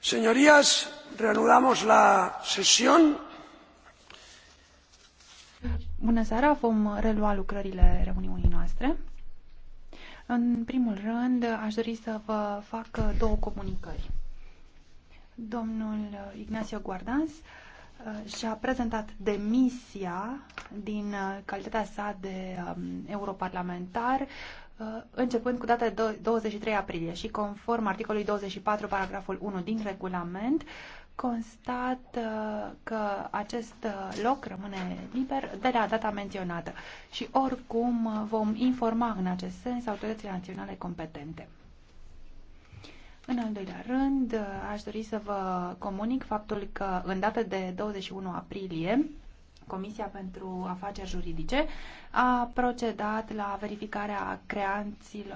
Señorías, reanudamos la sesión. Bună seara, vom relua lucrările reuniunii noastre. În primul rând, aș dori să vă fac două comunicări. Domnul Ignacio Guardans, Uh, și-a prezentat demisia din uh, calitatea sa de um, europarlamentar uh, începând cu data de 23 aprilie și conform articolului 24, paragraful 1 din regulament, constat că acest loc rămâne liber de la data menționată și oricum vom informa în acest sens autoritățile naționale competente. În al doilea rând, aș dori să vă comunic faptul că în data de 21 aprilie, Comisia pentru Afaceri Juridice a procedat la verificarea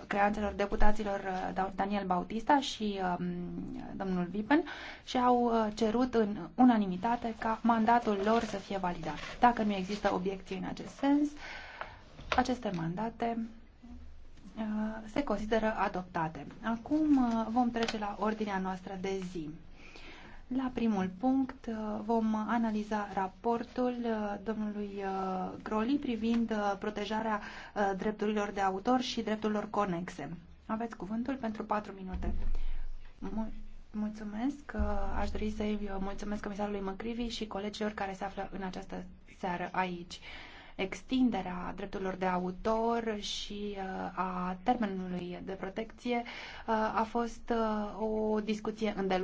creanțelor deputaților uh, Daniel Bautista și um, domnul Vipen și au uh, cerut în unanimitate ca mandatul lor să fie validat. Dacă nu există obiecții în acest sens, aceste mandate Uh, se consideră adoptate. Acum uh, vom trece la ordinea noastră de zi. La primul punct uh, vom analiza raportul domnului Groli privind protejarea drepturilor de autor și drepturilor conexe. Aveți cuvântul pentru 4 minute. Mulțumesc. Aș dori să-i mulțumesc comisarului Măcrivi și colegilor care se află în această seară aici extinderea drepturilor de autor și uh, a termenului de protecție uh, a fost uh, o discuție îndelungată.